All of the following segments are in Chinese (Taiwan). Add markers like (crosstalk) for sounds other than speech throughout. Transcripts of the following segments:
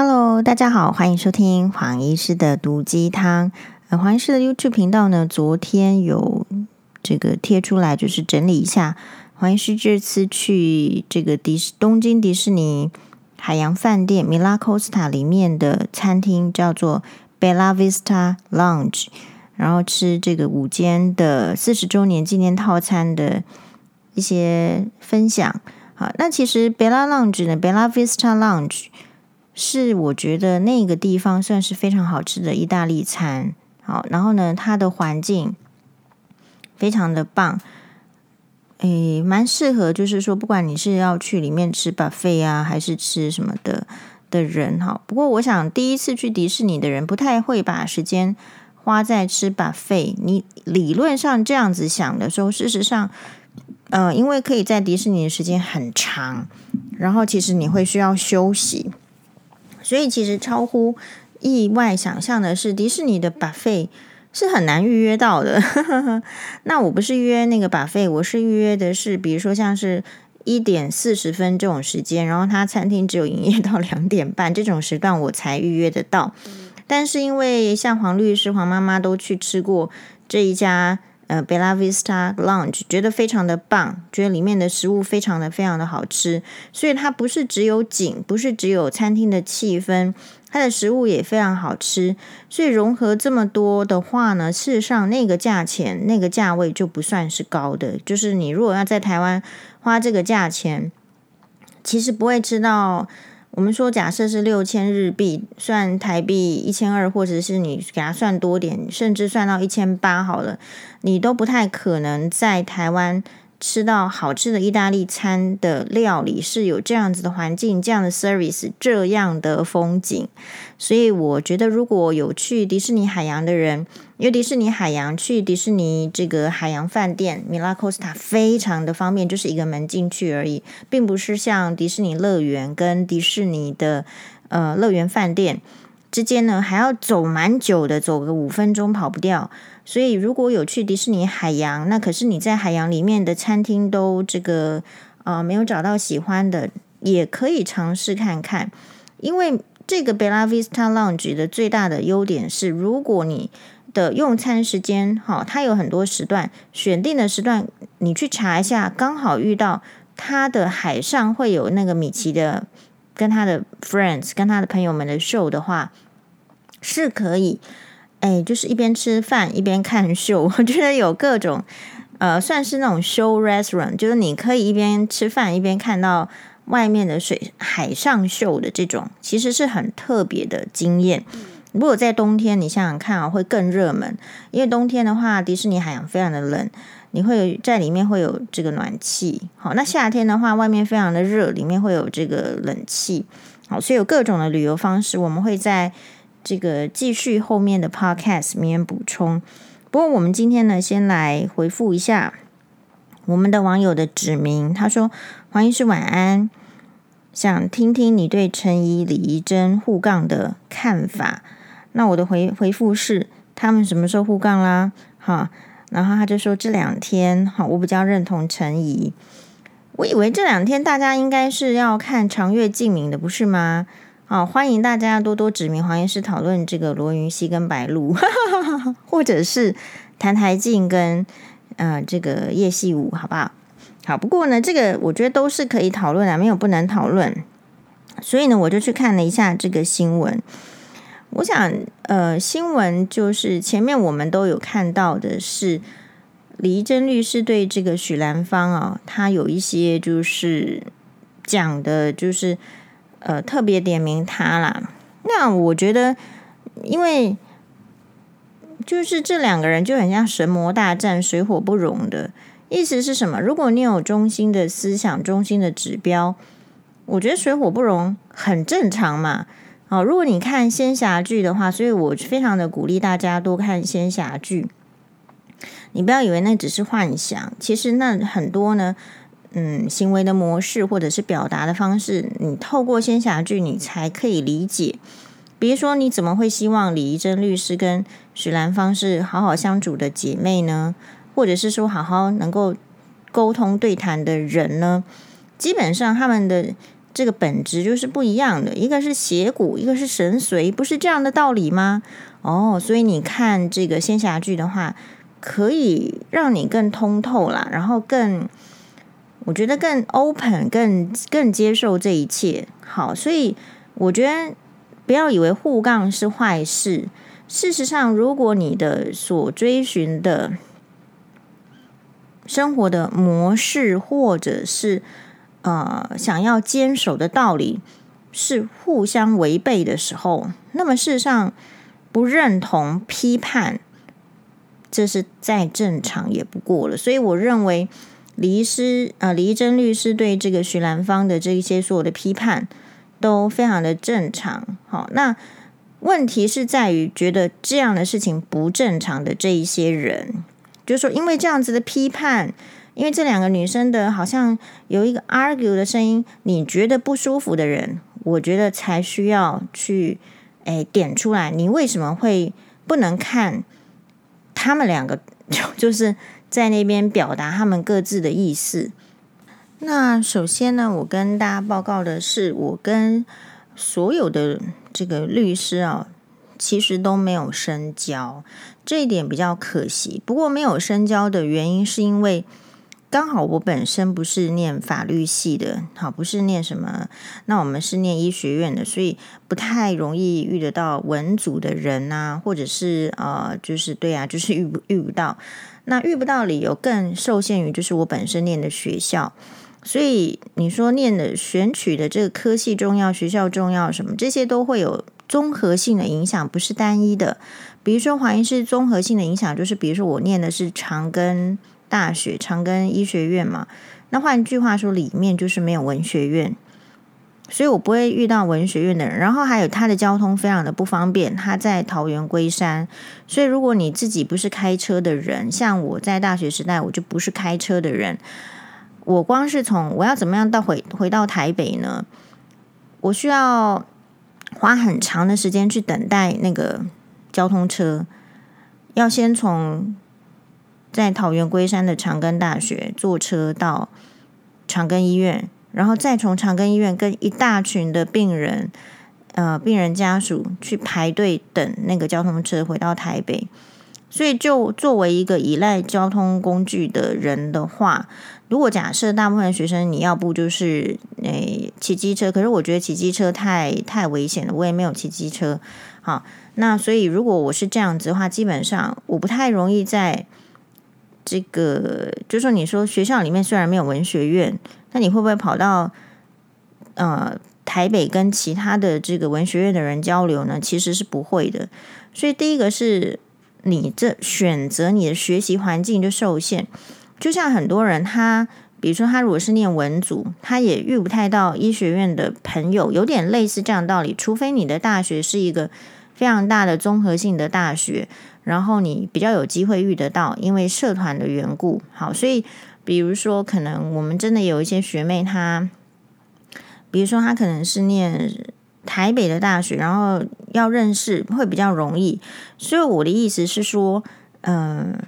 Hello，大家好，歡迎收聽黃醫師的毒雞湯。呃，黃醫師的 YouTube 頻道呢，昨天有這個貼出來，就是整理一下黃醫師這次去這個迪士東京迪士尼海洋飯店 Milacosta 裡面的餐廳叫做 Bella Vista Lounge，然後吃這個午間的四十週年紀念套餐的一些分享。好，那其實 Bella Lounge 呢，Bella Vista Lounge。是我覺得那個地方算是非常好吃的意大利餐，好，然後呢，它的環境非常的棒，哎，蠻適合，就是說，不管你是要去裡面吃 buffet 啊，還是吃什麼的的人，哈。不過，我想第一次去迪士尼的人不太會把時間花在吃 buffet。你理論上這樣子想的時候，事實上，嗯、呃，因為可以在迪士尼的時間很長，然後其實你會需要休息。所以其實超乎意外想象的是，迪士尼的 buffet 是很難預約到的。 (laughs) 那我不是預約那個 buffet，我是預約的是，比如說像是一點四十分這種時間，然後他餐廳只有營業到兩點半這種時段我才預約得到。嗯、但是因為像黃律師、黃媽媽都去吃過這一家。呃、uh，Belavista Lounge 覺得非常的棒，覺得裡面的食物非常的非常的好吃，所以它不是只有景，不是只有餐廳的氣氛，它的食物也非常好吃，所以融合這麼多的話呢，事實上那個價錢那個價位就不算是高的，就是你如果要在台灣花這個價錢，其實不會吃到。我們說，假設是六千日幣算台幣一千二，或者是你給他算多點，甚至算到一千八好了，你都不太可能在台灣。吃到好吃的意大利餐的料理，是有這樣子的環境、這樣的 service、這樣的風景，所以我覺得如果有去迪士尼海洋的人，因為迪士尼海洋，去迪士尼這個海洋飯店米拉科斯塔非常的方便，就是一個門進去而已，並不是像迪士尼樂園跟迪士尼的呃樂園飯店之間呢還要走蠻久的，走個五分鐘跑不掉。所以，如果有去迪士尼海洋，那可是你在海洋裡面的餐廳都這個啊、呃、沒有找到喜歡的，也可以嘗試看看。因為這個 Bella Vista Lounge 的最大的優點是，如果你的用餐時間哈，它有很多時段，選定的時段你去查一下，剛好遇到它的海上會有那個米奇的跟他的 friends、跟他的朋友們的 show 的話，是可以。哎，就是一邊吃飯一邊看秀，我覺得有各種，呃，算是那種 show restaurant，就是你可以一邊吃飯一邊看到外面的水海上秀的這種，其實是很特別的經驗。嗯。如果在冬天，你想想看啊、哦，會更熱門，因為冬天的話，迪士尼海洋非常的冷，你會在裡面會有這個暖氣。好，那夏天的話，外面非常的熱，裡面會有這個冷氣。好，所以有各種的旅遊方式，我們會在。這個繼續後面的 podcast，裡面補充。不過我們今天呢，先來回復一下我們的網友的指名。他說：“黃醫師晚安，想聽聽你對陳沂、李怡貞互槓的看法。”那我的回回復是：“他們什麼時候互槓啦？”哈，然後他就說：“這兩天，哈，我比較認同陳沂。”我以為這兩天大家應該是要看長月燼明的，不是嗎？好、哦，歡迎大家多多指名黃醫師討論這個羅雲熙跟白鹿，或者是澹臺燼跟呃這個葉夕霧，好不好？好，不過呢，這個我覺得都是可以討論啊，沒有不能討論。所以呢，我就去看了一下這個新聞。我想，呃，新聞就是前面我們都有看到的是李怡貞律師對這個許蘭芳啊、哦，他有一些就是講的，就是。呃，特別點名他啦。那我覺得，因為就是這兩個人就很像神魔大戰，水火不容的意思是什麼？如果你有中心的思想、中心的指標，我覺得水火不容很正常嘛。哦、呃，如果你看仙俠劇的話，所以我非常的鼓勵大家多看仙俠劇。你不要以為那只是幻想，其實那很多呢。嗯，行為的模式，或者是表達的方式，你透過仙俠劇，你才可以理解。比如說，你怎麼會希望李怡貞律師跟許蘭芳是好好相處的姐妹呢？或者是說，好好能夠溝通對談的人呢？基本上，他們的這個本質就是不一樣的，一個是邪骨，一個是神髓，不是這樣的道理嗎？哦，所以你看這個仙俠劇的話，可以讓你更通透啦，然後更。我覺得更 open 更更接受這一切，好，所以我覺得不要以為互槓是壞事。事實上，如果你的所追尋的生活的模式，或者是呃想要堅守的道理是互相違背的時候，那麼事實上不認同批判，這是再正常也不過了。所以我認為。李醫師啊、呃，李怡貞律師對這個徐蘭芳的這一些所有的批判都非常的正常。好，那問題是在於覺得這樣的事情不正常的這一些人，就是、說因為這樣子的批判，因為這兩個女生的好像有一個 argue 的聲音，你覺得不舒服的人，我覺得才需要去、欸、點出來，你為什麼會不能看他們兩個？就、就是。在那邊表達他們各自的意思。那首先呢，我跟大家報告的是，我跟所有的這個律師啊，其實都沒有深交，這一點比較可惜。不過沒有深交的原因，是因為剛好我本身不是念法律系的，好，不是念什麼，那我們是念醫學院的，所以不太容易遇得到文組的人吶、啊，或者是呃，就是對啊，就是遇不遇不到。那遇不到理由，更受限於就是我本身念的學校，所以你說念的、選取的這個科系重要、學校重要什麼，這些都會有綜合性的影響，不是單一的。比如說，華醫是綜合性的影響就是，比如說我念的是長庚大學、長庚醫學院嘛，那換句話說，裡面就是沒有文學院。所以我不會遇到文學院的人，然後還有他的交通非常的不方便。他在桃園龜山，所以如果你自己不是開車的人，像我在大學時代，我就不是開車的人。我光是從我要怎麼樣到回回到台北呢？我需要花很長的時間去等待那個交通車，要先從在桃園龜山的長庚大學坐車到長庚醫院。然後再從長庚醫院跟一大群的病人，呃，病人家屬去排隊等那個交通車回到台北，所以就作為一個依賴交通工具的人的話，如果假設大部分的學生你要不就是誒、呃、騎機車，可是我覺得騎機車太太危險了，我也沒有騎機車。好，那所以如果我是這樣子的話，基本上我不太容易在。這個就是說，你說學校裡面雖然沒有文學院，那你會不會跑到呃台北跟其他的這個文學院的人交流呢？其實是不會的。所以第一個是你這選擇你的學習環境就受限，就像很多人他，比如說他如果是念文組，他也遇不太到醫學院的朋友，有點類似這樣道理。除非你的大學是一個非常大的綜合性的大學。然後你比較有機會遇得到，因為社團的緣故。好，所以比如說，可能我們真的有一些學妹她，她比如說她可能是念台北的大學，然後要認識會比較容易。所以我的意思是說，嗯、呃，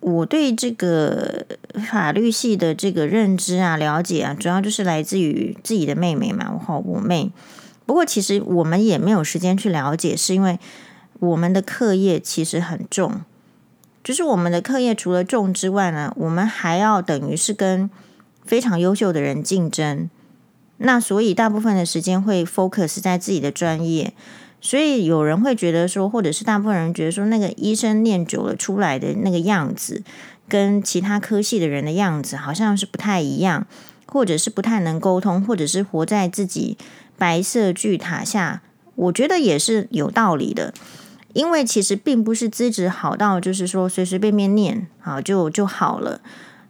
我對這個法律系的這個認知啊、了解啊，主要就是來自於自己的妹妹嘛。我和我妹。不過其實我們也沒有時間去了解，是因為。我們的課業其實很重，就是我們的課業除了重之外呢，我們還要等於是跟非常優秀的人競爭。那所以大部分的時間會 focus 在自己的專業，所以有人會覺得說，或者是大部分人覺得說，那個醫生念久了出來的那個樣子，跟其他科系的人的樣子好像是不太一樣，或者是不太能溝通，或者是活在自己白色巨塔下，我覺得也是有道理的。因為其實並不是資質好到就是說隨隨便便念好就就好了，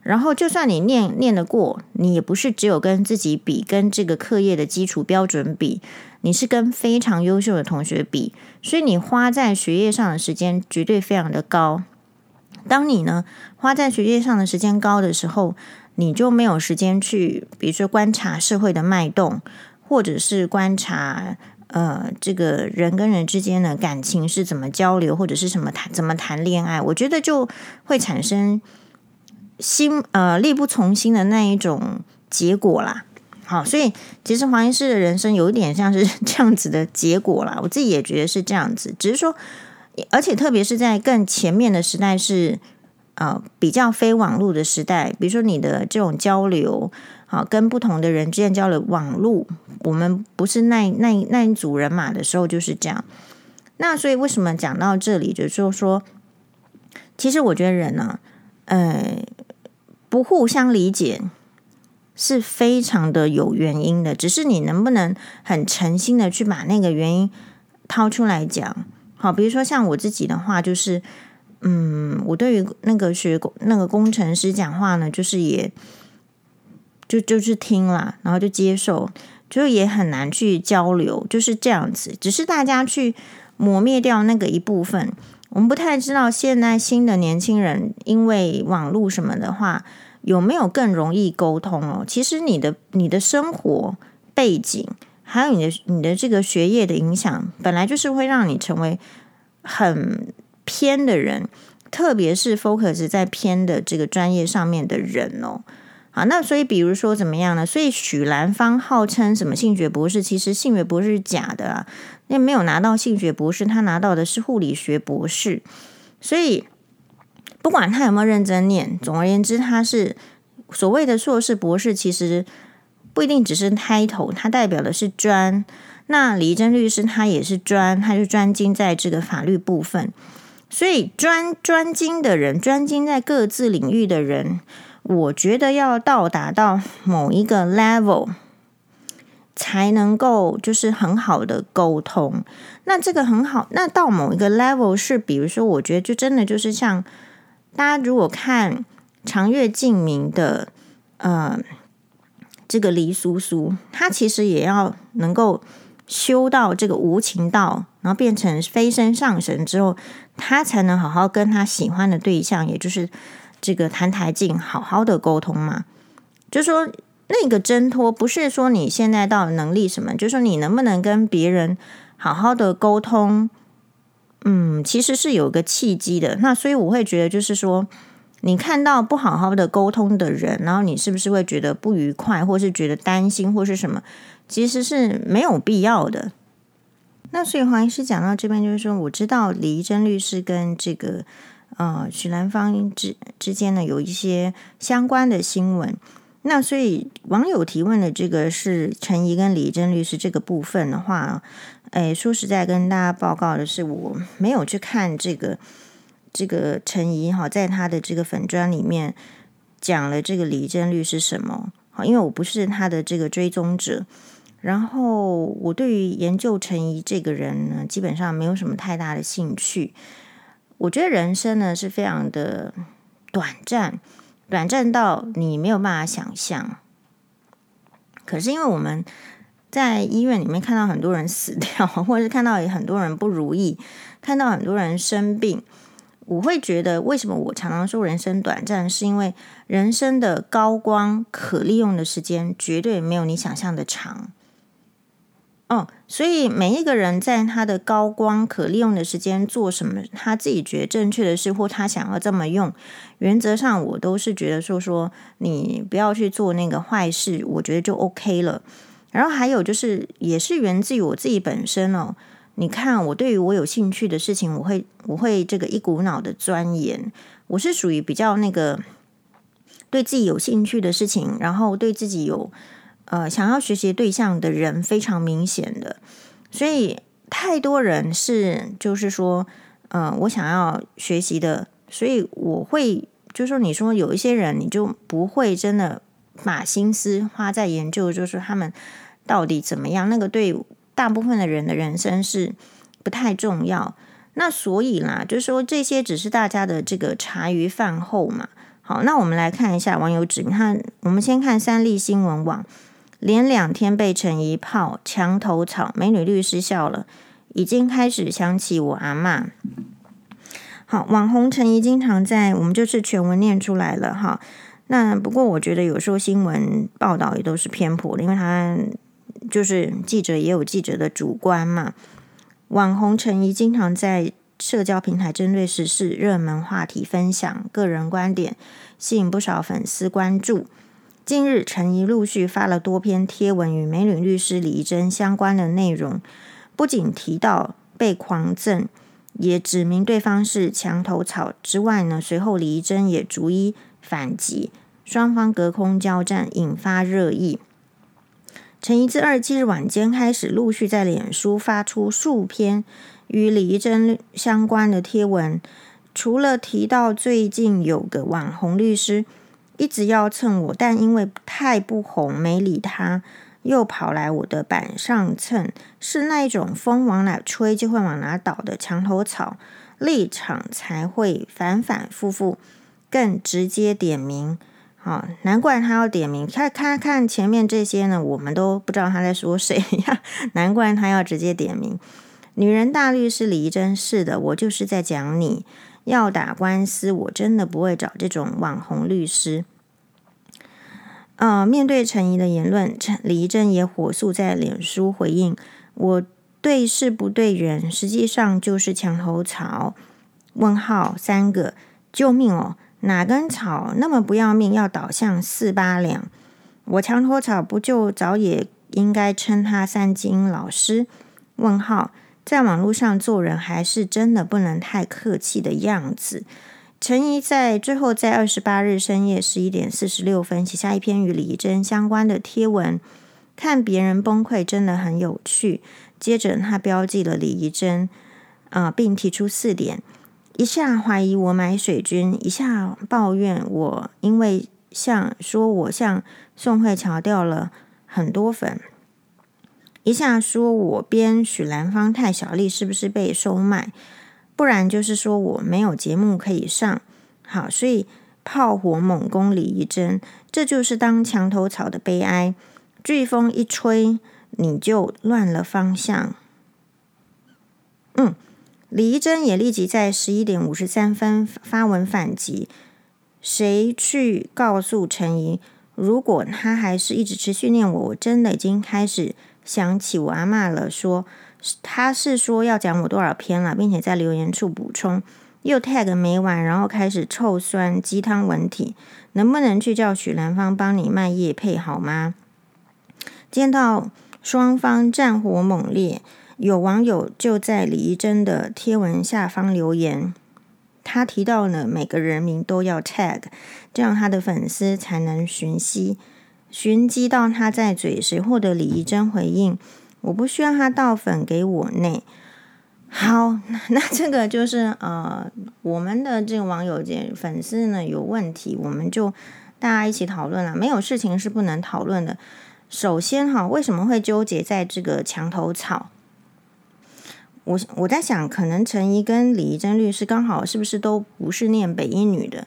然後就算你念念得過，你也不是只有跟自己比，跟這個課業的基礎標準比，你是跟非常優秀的同學比，所以你花在學業上的時間絕對非常的高。當你呢花在學業上的時間高的時候，你就沒有時間去，比如說觀察社會的脈動，或者是觀察。呃，這個人跟人之間的感情是怎麼交流，或者是什麼談怎麼談戀愛，我覺得就會產生心，呃，力不從心的那一種結果啦。好，所以其實黃醫師的人生有一點像是這樣子的結果啦。我自己也覺得是這樣子，只是說，而且特別是在更前面的時代是。呃，比較非網絡的時代，比如說你的這種交流，啊，跟不同的人之間交流，網絡，我們不是那那那一組人馬的時候就是這樣。那所以為什麼講到這裡，就是、就是說，其實我覺得人呢、啊，呃，不互相理解是非常的有原因的，只是你能不能很誠心的去把那個原因掏出來講。好，比如說像我自己的話，就是。嗯，我對於那個學那個工程師講話呢，就是也就就是聽啦，然後就接受，就也很難去交流，就是這樣子。只是大家去磨滅掉那個一部分，我們不太知道現在新的年輕人因為網絡什麼的話，有沒有更容易溝通哦？其實你的你的生活背景，還有你的你的這個學業的影響，本來就是會讓你成為很。偏的人，特別是 focus 在偏的這個專業上面的人哦，啊，那所以比如說怎麼樣呢？所以許蘭芳號稱什麼性學博士，其實性學博士是假的，啊。那沒有拿到性學博士，他拿到的是護理學博士。所以不管他有沒有認真唸，總而言之，他是所謂的碩士博士，其實不一定只是 title，他代表的是專。那李怡貞律師他也是專，他就專精在這個法律部分。所以專專精的人，專精在各自領域的人，我覺得要到達到某一個 level 才能夠就是很好的溝通。那這個很好，那到某一個 level 是，比如說，我覺得就真的就是像大家如果看長月燼明的嗯、呃、這個黎蘇蘇，她其實也要能夠修到這個無情道，然後變成飛升上神之後。他才能好好跟他喜歡的對象，也就是這個澹台燼好好的溝通嘛。就說那個掙脫，不是說你現在到能力什麼，就是說你能不能跟別人好好的溝通？嗯，其實是有個契機的。那所以我會覺得，就是說你看到不好好的溝通的人，然後你是不是會覺得不愉快，或是覺得擔心，或是什麼？其實是沒有必要的。那所以黃醫師講到這邊，就是說我知道李怡貞律師跟這個呃許蘭芳之之間呢，有一些相關的新聞。那所以網友提問的這個是陳沂跟李怡貞律師這個部分的話，誒、哎、說實在跟大家報告的是，我沒有去看這個這個陳沂哈，在他的這個粉專裡面講了這個李怡貞律師什麼，因為我不是他的這個追蹤者。然後我對於研究陳沂這個人呢，基本上沒有什麼太大的興趣。我覺得人生呢是非常的短暫，短暫到你沒有辦法想象。可是因為我們在醫院裡面看到很多人死掉，或者是看到也很多人不如意，看到很多人生病，我會覺得為什麼我常常說人生短暫，是因為人生的高光可利用的時間絕對沒有你想象的長。哦，所以每一個人在他的高光可利用的時間做什麼，他自己覺得正確的事，或他想要這麼用，原則上我都是覺得，說說你不要去做那個壞事，我覺得就 OK 了。然後還有就是，也是源自於我自己本身哦。你看，我對於我有興趣的事情，我會我會這個一股腦的鑽研。我是屬於比較那個對自己有興趣的事情，然後對自己有。呃，想要學習對象的人非常明顯的，所以太多人是就是說，呃，我想要學習的，所以我會就是說，你說有一些人你就不會真的把心思花在研究，就是他們到底怎麼樣，那個對大部分的人的人生是不太重要。那所以啦，就是說這些只是大家的這個茶餘飯後嘛。好，那我們來看一下網友指，你看，我們先看三立新聞網。連兩天被陳沂砲、牆頭草，美女律師笑了，已經開始想起我阿嬤。好，網紅陳沂經常在我們就是全文念出來了哈。那不過我覺得有時候新聞報道也都是偏頗的，因為他就是記者也有記者的主觀嘛。網紅陳沂經常在社交平台針對時事熱門話題分享個人觀點，吸引不少粉絲關注。近日，陳沂陸續發了多篇貼文與美女律師李怡貞相關的內容，不僅提到被狂讚，也指明對方是牆頭草之外呢，隨後李怡貞也逐一反擊，雙方隔空交戰，引發熱議。陳沂自二十七日晚間開始，陸續在臉書發出數篇與李怡貞相關的貼文，除了提到最近有個網紅律師。一直要蹭我，但因為太不紅，沒理他，又跑來我的板上蹭。是那一種風往哪吹就會往哪倒的牆頭草，立場才會反反复复。更直接點名，好、哦、難怪他要點名。看看看前面這些呢，我們都不知道他在說誰呀、啊。難怪他要直接點名，女人大律師李怡貞，是的，我就是在講你。要打官司，我真的不會找這種網紅律師。呃，面對陳沂的言論，陳李怡貞也火速在臉書回應：我對事不對人，實際上就是牆頭草。問號三個，救命哦！哪根草那麼不要命，要倒向四八兩？我牆頭草不就早也應該稱他三金老師？問號。在網絡上做人，還是真的不能太客氣的樣子。陳沂在最後在二十八日深夜十一點四十六分寫下一篇與李怡貞相關的貼文，看別人崩潰真的很有趣。接着他標記了李怡貞，啊、呃，並提出四點：一下懷疑我買水軍，一下抱怨我，因為像說我像宋慧喬掉了很多粉。一下說，我編許蘭芳、太小麗是不是被收買？不然就是說我沒有節目可以上。好，所以炮火猛攻李怡貞，這就是當牆頭草的悲哀。颶風一吹，你就亂了方向。嗯，李怡貞也立即在十一點五十三分發文反擊。誰去告訴陳沂，如果他還是一直持續念我，我真的已經開始。想起我阿嬤了說，說他是說要講我多少篇了，並且在留言處補充又 tag 沒完，然後開始臭酸雞湯文體，能不能去叫許蘭芳幫你賣業配好嗎？見到雙方戰火猛烈，有網友就在李怡貞的貼文下方留言，他提到了每個人名都要 tag，這樣他的粉絲才能尋釁。尋機到他在嘴時，獲得李怡貞回應：“我不需要他倒粉給我內。”好，那，那這個就是呃，我們的這個網友間粉絲呢有問題，我們就大家一起討論了。沒有事情是不能討論的。首先哈，為什麼會糾結在這個牆頭草？我我在想，可能陳沂跟李怡貞律師剛好是不是都不是念北一女的？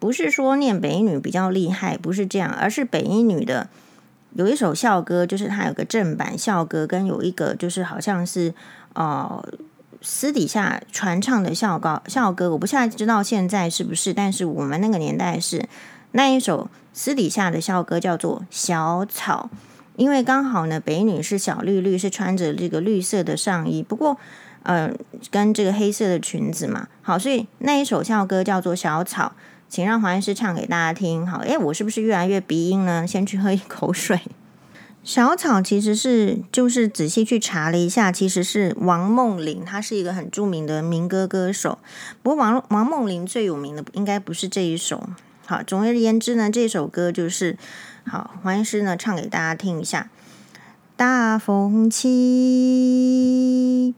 不是說念北一女比較厲害，不是這樣，而是北一女的有一首校歌，就是它有個正版校歌，跟有一個就是好像是呃私底下傳唱的校歌校歌，我不現在知道現在是不是，但是我們那個年代是那一首私底下的校歌叫做小草，因為剛好呢北一女是小綠綠，是穿着這個綠色的上衣，不過。嗯、呃，跟這個黑色的裙子嘛，好，所以那一首校歌叫做《小草》，請讓黃律師唱給大家聽。好，哎，我是不是越來越鼻音呢？先去喝一口水。《小草》其實是就是仔細去查了一下，其實是王夢麟，她是一個很著名的民歌歌手。不過王王夢麟最有名的應該不是這一首。好，總而言之呢，這首歌就是好，黃律師呢唱給大家聽一下。大風起，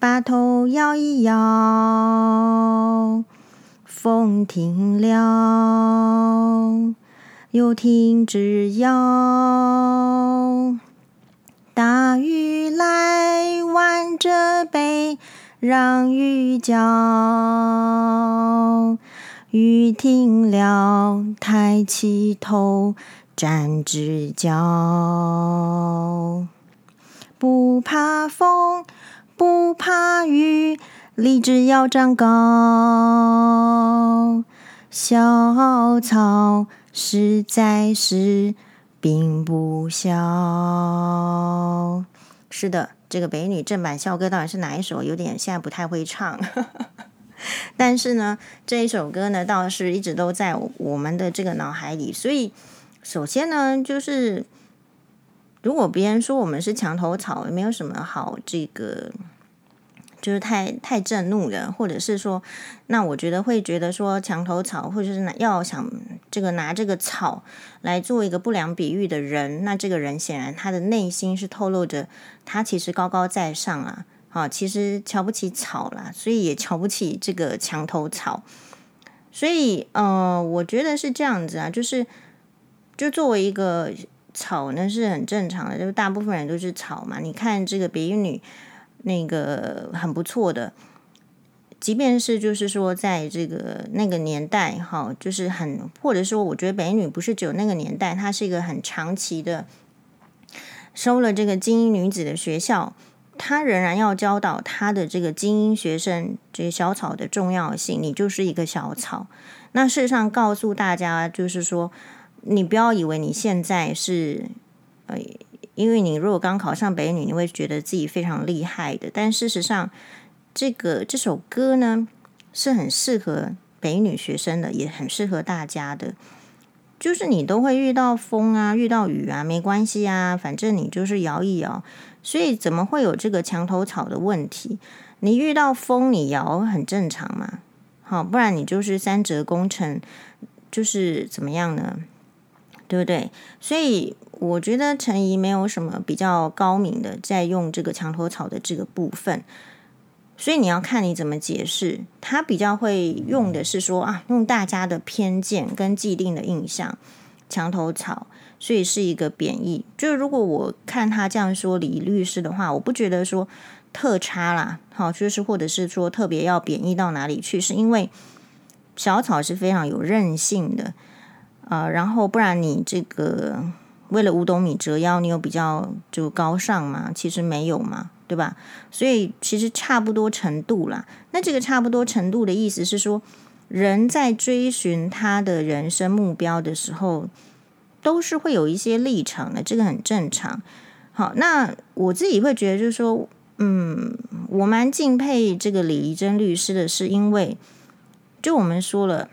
把頭搖一搖，風停了，又挺直腰。搖，大雨來，彎着背讓雨澆，雨停了，抬起頭，站直腰，不怕風。不怕雨，立志要長高。小草實在是並不小。是的，這個北女正版校歌到底是哪一首？有點現在不太會唱。 (laughs) 但是呢，這一首歌呢，倒是一直都在我們的這個腦海裡。所以，首先呢，就是。如果別人說我們是牆頭草，也沒有什麼好這個，就是太太震怒了，或者是說，那我覺得會覺得說牆頭草，或者是拿要想這個拿這個草來做一個不良比喻的人，那這個人顯然他的內心是透露着他其實高高在上啊，啊，其實瞧不起草啦，所以也瞧不起這個牆頭草。所以，呃，我覺得是這樣子啊，就是就作為一個。草呢是很正常的，就是大部分人都是草嘛。你看這個北一女，那個很不錯的，即便是就是說在這個那個年代哈，就是很或者說，我覺得北一女不是只有那個年代，她是一個很長期的。收了這個精英女子的學校，她仍然要教導她的這個精英學生，這些小草的重要性。你就是一個小草，那事實上告訴大家，就是說。你不要以為你現在是，呃，因為你如果剛考上北女，你會覺得自己非常厲害的。但事實上，這個這首歌呢，是很適合北女學生的，也很適合大家的。就是你都會遇到風啊，遇到雨啊，沒關係啊，反正你就是搖一搖。所以怎麼會有這個牆頭草的問題？你遇到風，你搖很正常嘛。好，不然你就是三折工程，就是怎麼樣呢？對不對？所以我覺得陳沂沒有什麼比較高明的，在用這個牆頭草的這個部分。所以你要看你怎麼解釋。他比較會用的是說啊，用大家的偏見跟既定的印象，牆頭草，所以是一個貶義。就是如果我看他這樣說李律師的話，我不覺得說特差啦。好，就是或者是說特別要貶義到哪裡去，是因為小草是非常有韌性的。啊、呃，然後不然你這個為了五斗米折腰，你有比較就高尚嗎？其實沒有嘛，對吧？所以其實差不多程度啦。那這個差不多程度的意思是說，人在追尋他的人生目標的時候，都是會有一些立場的，這個很正常。好，那我自己會覺得就是說，嗯，我蠻敬佩這個李怡貞律師的是，是因為就我們說了。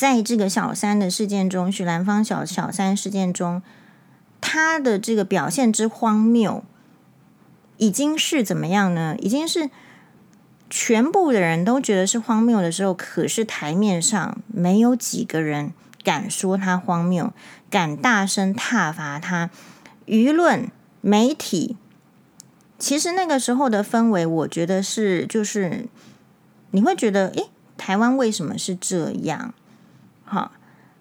在這個小三的事件中，許蘭芳小小三事件中，他的這個表現之荒謬，已經是怎麼樣呢？已經是全部的人都覺得是荒謬的時候，可是台面上沒有幾個人敢說他荒謬，敢大聲撻伐他。輿論、媒體，其實那個時候的氛圍，我覺得是就是你會覺得，誒，台灣為什麼是這樣？好，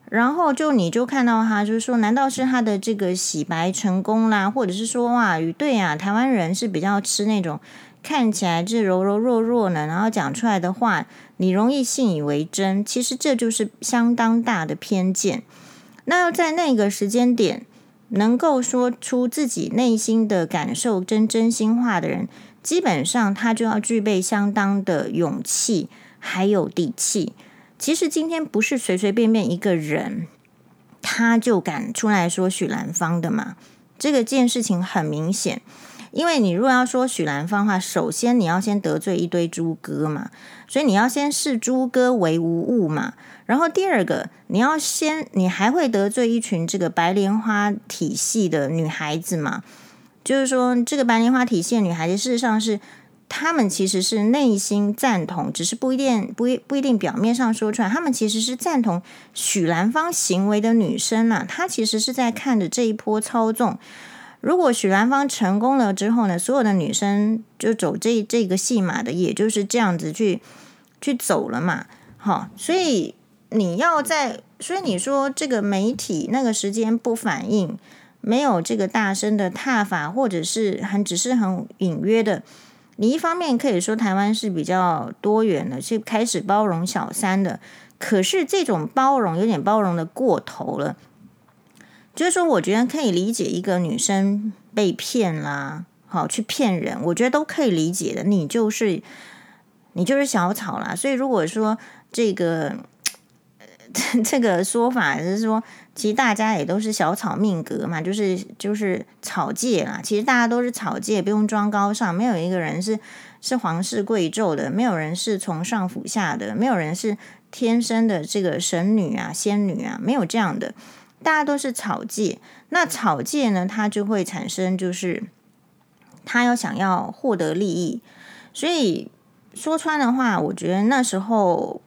然後就你就看到他，就是說，難道是他的這個洗白成功啦？或者是說，哇，對啊，台灣人是比較吃那種看起來是柔柔弱弱呢，然後講出來的話，你容易信以為真。其實這就是相當大的偏見。那要在那個時間點，能夠說出自己內心的感受真真心話的人，基本上他就要具備相當的勇氣還有底氣。其實今天不是隨隨便便一個人，他就敢出來說許蘭芳的嘛。這個件事情很明顯，因為你如果要說許蘭芳的話，首先你要先得罪一堆豬哥嘛，所以你要先視豬哥為無物嘛。然後第二個，你要先你還會得罪一群這個白蓮花體系的女孩子嘛。就是說，這個白蓮花體系的女孩子事實上是。他們其實是內心贊同，只是不一定不一不一定表面上說出來。他們其實是贊同許藍方行為的女生啦、啊，她其實是在看着這一波操縱。如果許藍方成功了之後呢，所有的女生就走這這個戲碼的，也就是這樣子去去走了嘛。好，所以你要在，所以你說這個媒體那個時間不反應，沒有這個大聲的撻伐，或者是很只是很隱約的。你一方面可以說台灣是比較多元的，去開始包容小三的，可是這種包容有點包容的過頭了。就是說，我覺得可以理解一個女生被騙啦，好去騙人，我覺得都可以理解的。你就是你就是小草啦，所以如果說這個這個說法是說。其實大家也都是小草命格嘛，就是就是草芥啦。其實大家都是草芥，不用裝高尚，沒有一個人是是皇室貴胄的，沒有人是從上俯下的，沒有人是天生的這個神女啊仙女啊，沒有這樣的，大家都是草芥。那草芥呢，它就會產生就是，他要想要獲得利益，所以說穿的話，我覺得那時候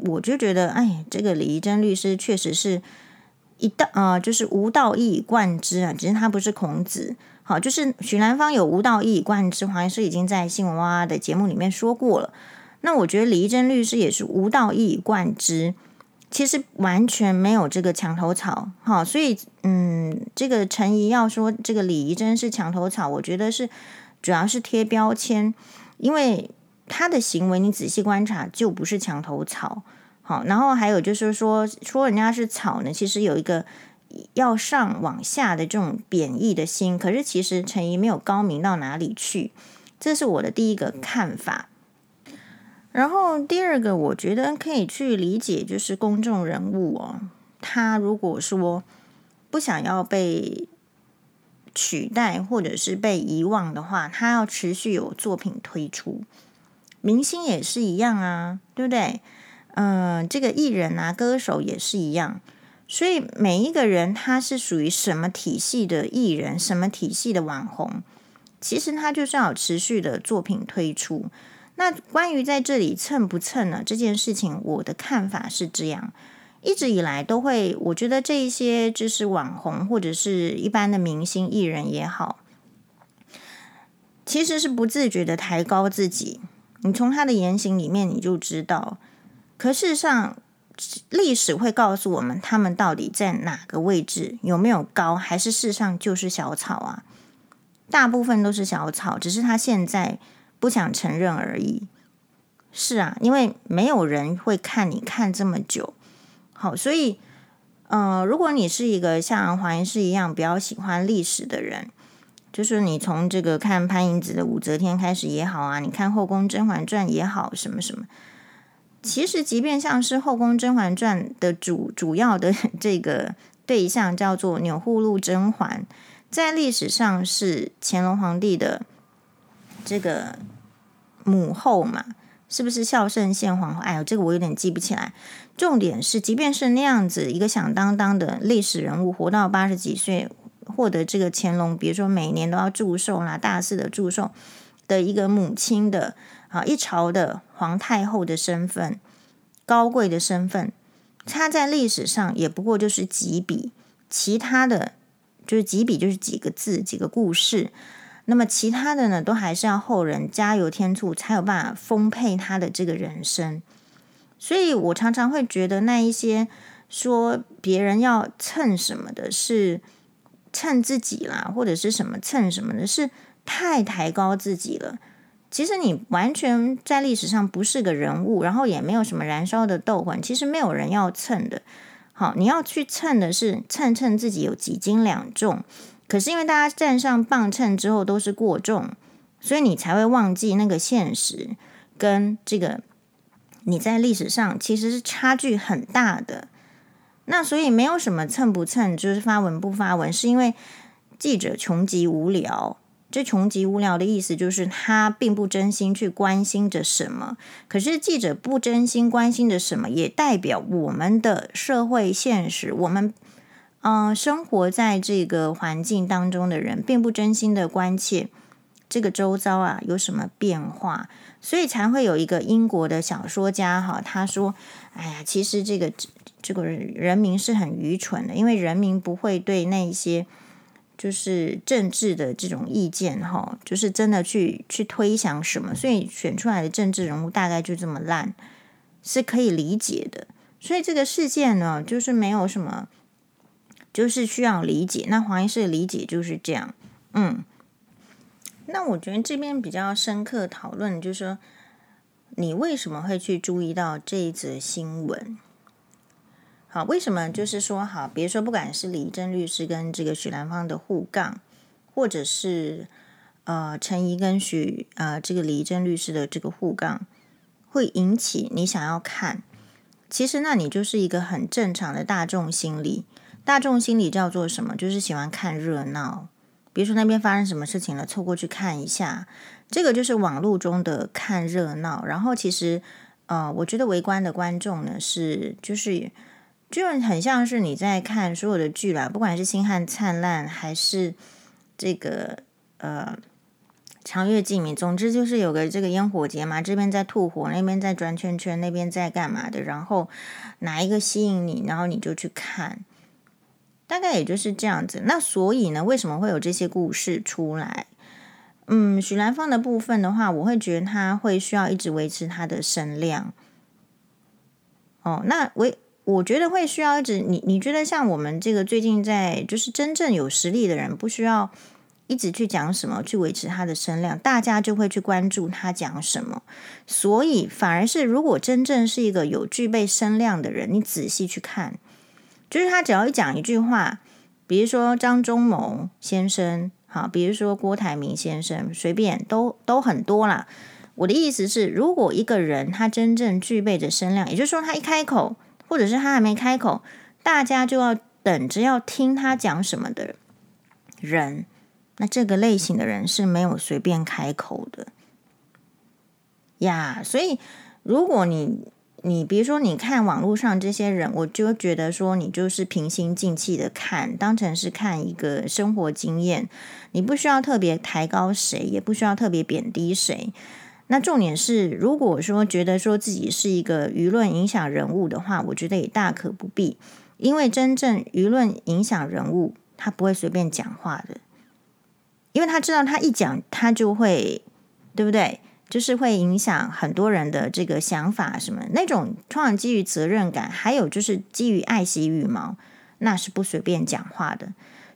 我就覺得，哎，這個李怡貞律師確實是。一到啊、呃，就是無道一以貫之啊，只是他不是孔子，好，就是許蘭芳有無道一以貫之，黃律師已經在新聞挖挖哇的節目裡面說過了。那我覺得李怡貞律師也是無道一以貫之，其實完全沒有這個牆頭草，好，所以嗯，這個陳沂要說這個李怡貞是牆頭草，我覺得是主要是貼標籤，因為他的行為你仔細觀察就不是牆頭草。好，然後還有就是說說人家是草呢，其實有一個要上往下的這種貶義的心，可是其實陳沂沒有高明到哪裡去，這是我的第一個看法。然後第二個，我覺得可以去理解，就是公眾人物哦，他如果說不想要被取代或者是被遺忘的話，他要持續有作品推出。明星也是一樣啊，對不對？嗯，這個藝人啊，歌手也是一樣，所以每一個人他是屬於什麼體系的藝人，什麼體系的網紅，其實他就是要持續的作品推出。那關於在這裡蹭不蹭呢、啊、這件事情，我的看法是這樣：一直以來都會，我覺得這一些就是網紅或者是一般的明星藝人也好，其實是不自覺的抬高自己。你從他的言行裡面你就知道。可事實上，歷史會告訴我們，他們到底在哪個位置？有沒有高？還是事實上就是小草啊？大部分都是小草，只是他現在不想承認而已。是啊，因為沒有人會看你看這麼久。好，所以，呃，如果你是一個像黃醫師一樣比較喜歡歷史的人，就是你從這個看潘迎紫的《武則天》開始也好啊，你看《後宮甄嬛傳》也好，什麼什麼。其實，即便像是《後宮甄嬛傳》的主主要的這個對象叫做鈕祜祿甄嬛，在歷史上是乾隆皇帝的這個母後嘛？是不是孝聖憲皇后？哎呦，這個我有點記不起來。重點是，即便是那樣子一個響當當的歷史人物，活到八十幾歲，獲得這個乾隆，比如說每年都要祝壽啦，大肆的祝壽的一個母親的。啊，一朝的皇太後的身份，高貴的身份，她在歷史上也不過就是幾筆，其他的就是幾筆，就是幾個字，幾個故事。那麼其他的呢，都還是要後人加油添醋，才有辦法豐沛他的這個人生。所以我常常會覺得，那一些說別人要蹭什麼的是，是蹭自己啦，或者是什麼蹭什麼的是，是太抬高自己了。其實你完全在歷史上不是個人物，然後也沒有什麼燃燒的鬥魂。其實沒有人要蹭的，好，你要去蹭的是蹭蹭自己有幾斤兩重。可是因為大家站上磅秤之後都是過重，所以你才會忘記那個現實跟這個你在歷史上其實是差距很大的。那所以沒有什麼蹭不蹭，就是發文不發文，是因為記者窮極無聊。這窮極無聊的意思就是他並不真心去關心着什麼。可是記者不真心關心着什麼，也代表我們的社會現實，我們嗯、呃、生活在這個環境當中的人，並不真心的關切這個周遭啊有什麼變化，所以才會有一個英國的小說家哈，他說：“哎呀，其實這個這個人民是很愚蠢的，因為人民不會對那些。”就是政治的這種意見哈，就是真的去去推想什麼，所以選出來的政治人物大概就這麼爛，是可以理解的。所以這個事件呢，就是沒有什麼，就是需要理解。那黃醫師的理解就是這樣，嗯。那我覺得這邊比較深刻討論，就是說你為什麼會去注意到這一則新聞？好，為什麼就是說好？比如說，不管是李怡貞律師跟這個許蘭芳的互槓，或者是呃陳沂跟許呃這個李怡貞律師的這個互槓，會引起你想要看。其實，那你就是一個很正常的大眾心理。大眾心理叫做什麼？就是喜歡看熱鬧。比如說那邊發生什麼事情了，湊過去看一下，這個就是網絡中的看熱鬧。然後，其實呃，我覺得圍觀的觀眾呢，是就是。就很像是你在看所有的劇啦，不管是《星漢燦爛》還是這個呃《長月燼明》，總之就是有個這個煙火節嘛，這邊在吐火，那邊在轉圈圈，那邊在幹嘛的，然後哪一個吸引你，然後你就去看，大概也就是這樣子。那所以呢，為什麼會有這些故事出來？嗯，許藍方的部分的話，我會覺得他會需要一直維持他的聲量。哦，那我。我覺得會需要一直你你覺得像我們這個最近在就是真正有實力的人，不需要一直去講什麼去維持他的聲量，大家就會去關注他講什麼。所以反而是如果真正是一個有具備聲量的人，你仔細去看，就是他只要一講一句話，比如說張忠謀先生，好，比如說郭台銘先生，隨便都都很多啦。我的意思是，如果一個人他真正具備着聲量，也就是說他一開口。或者是他還沒開口，大家就要等着要聽他講什麼的人，那這個類型的人是沒有隨便開口的呀。Yeah, 所以，如果你你比如說你看網絡上這些人，我就覺得說你就是平心靜氣的看，當成是看一個生活經驗，你不需要特別抬高誰，也不需要特別貶低誰。那重點是，如果說覺得說自己是一個輿論影響人物的話，我覺得也大可不必，因為真正輿論影響人物，他不會隨便講話的，因為他知道他一講，他就會，對不對？就是會影響很多人的這個想法什麼那種，通常基於責任感，還有就是基於愛惜羽毛，那是不隨便講話的。